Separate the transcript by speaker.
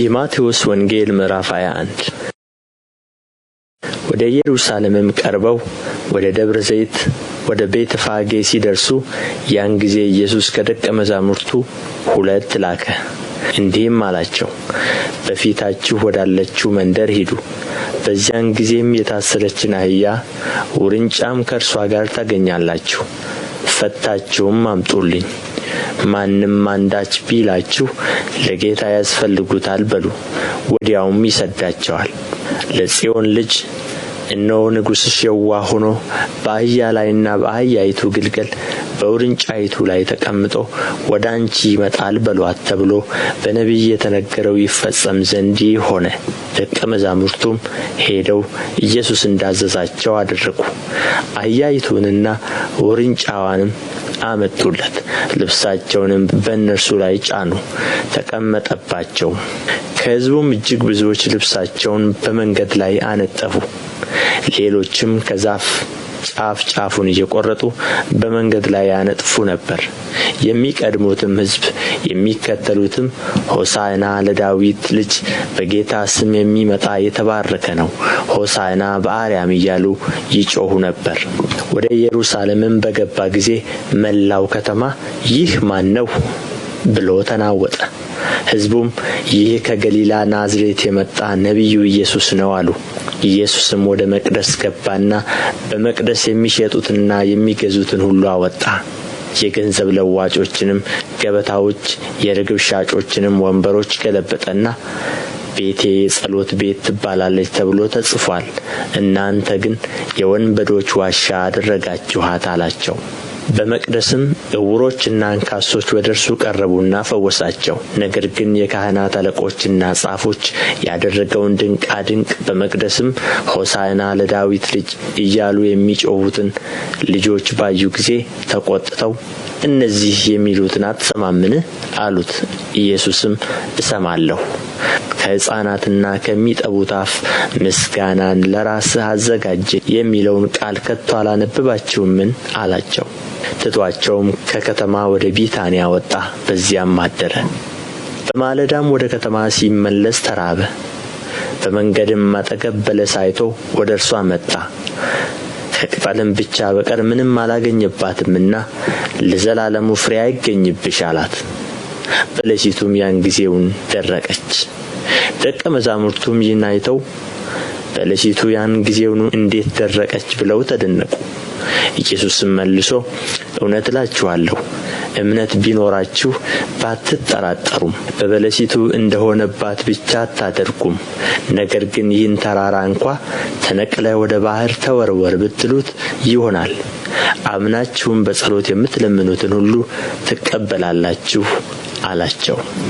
Speaker 1: የማቴዎስ ወንጌል ምዕራፍ 21 ወደ ኢየሩሳሌምም ቀርበው ወደ ደብረ ዘይት ወደ ቤተ ፋጌ ሲደርሱ ያን ጊዜ ኢየሱስ ከደቀ መዛሙርቱ ሁለት ላከ። እንዲህም አላቸው፣ በፊታችሁ ወዳለችው መንደር ሂዱ። በዚያን ጊዜም የታሰረችን አህያ ውርንጫም ከእርሷ ጋር ታገኛላችሁ፣ ፈታችሁም አምጡልኝ ማንም አንዳች ቢላችሁ ለጌታ ያስፈልጉታል በሉ፣ ወዲያውም ይሰዳቸዋል። ለጽዮን ልጅ እነሆ ንጉሥሽ የዋህ ሆኖ በአህያ ላይና በአህያይቱ ግልገል በውርንጫይቱ ላይ ተቀምጦ ወደ አንቺ ይመጣል በሏት ተብሎ በነቢይ የተነገረው ይፈጸም ዘንድ ይህ ሆነ። ደቀ መዛሙርቱም ሄደው ኢየሱስ እንዳዘዛቸው አደረጉ። አህያይቱንና ውርንጫዋንም አመጡለት። ልብሳቸውንም በእነርሱ ላይ ጫኑ፣ ተቀመጠባቸው ከሕዝቡም እጅግ ብዙዎች ልብሳቸውን በመንገድ ላይ አነጠፉ። ሌሎችም ከዛፍ ጫፍ ጫፉን እየቆረጡ በመንገድ ላይ ያነጥፉ ነበር። የሚቀድሙትም ሕዝብ የሚከተሉትም ሆሳዕና ለዳዊት ልጅ በጌታ ስም የሚመጣ የተባረከ ነው፣ ሆሳዕና በአርያም እያሉ ይጮኹ ነበር። ወደ ኢየሩሳሌምም በገባ ጊዜ መላው ከተማ ይህ ማን ነው ብሎ ተናወጠ። ሕዝቡም ይህ ከገሊላ ናዝሬት የመጣ ነቢዩ ኢየሱስ ነው አሉ። ኢየሱስም ወደ መቅደስ ገባና በመቅደስ የሚሸጡትንና የሚገዙትን ሁሉ አወጣ። የገንዘብ ለዋጮችንም ገበታዎች የርግብ ሻጮችንም ወንበሮች ገለበጠና ቤቴ የጸሎት ቤት ትባላለች ተብሎ ተጽፏል፣ እናንተ ግን የወንበዶች ዋሻ አደረጋችኋት አላቸው። በመቅደስም ዕውሮችና አንካሶች ወደ እርሱ ቀረቡና ፈወሳቸው። ነገር ግን የካህናት አለቆችና ጻፎች ያደረገውን ድንቃ ድንቅ በመቅደስም ሆሳዕና ለዳዊት ልጅ እያሉ የሚጮሁትን ልጆች ባዩ ጊዜ ተቆጥተው እነዚህ የሚሉትን አትሰማምን አሉት። ኢየሱስም እሰማለሁ ከሕፃናትና ከሚጠቡት አፍ ምስጋናን ለራስህ አዘጋጀ የሚለውን ቃል ከቶ አላነብባችሁምን አላቸው። ትቶአቸውም ከከተማ ወደ ቢታንያ ወጣ፣ በዚያም አደረ። በማለዳም ወደ ከተማ ሲመለስ ተራበ። በመንገድም አጠገብ በለስ አይቶ ወደ እርሷ መጣ። ከቅጠልም ብቻ በቀር ምንም አላገኘባትምና ለዘላለሙ ፍሬ አይገኝብሽ አላት። በለሲቱም ያን ጊዜውን ደረቀች። ደቀ መዛሙርቱም ይህን አይተው በለሲቱ ያን ጊዜውን እንዴት ደረቀች ብለው ተደነቁ። ኢየሱስም መልሶ እውነት እላችኋለሁ እምነት ቢኖራችሁ ባትጠራጠሩም በበለሲቱ እንደሆነባት ብቻ አታደርጉም። ነገር ግን ይህን ተራራ እንኳ ተነቅለ ወደ ባህር ተወርወር ብትሉት ይሆናል። አምናችሁም በጸሎት የምትለምኑትን ሁሉ ትቀበላላችሁ አላቸው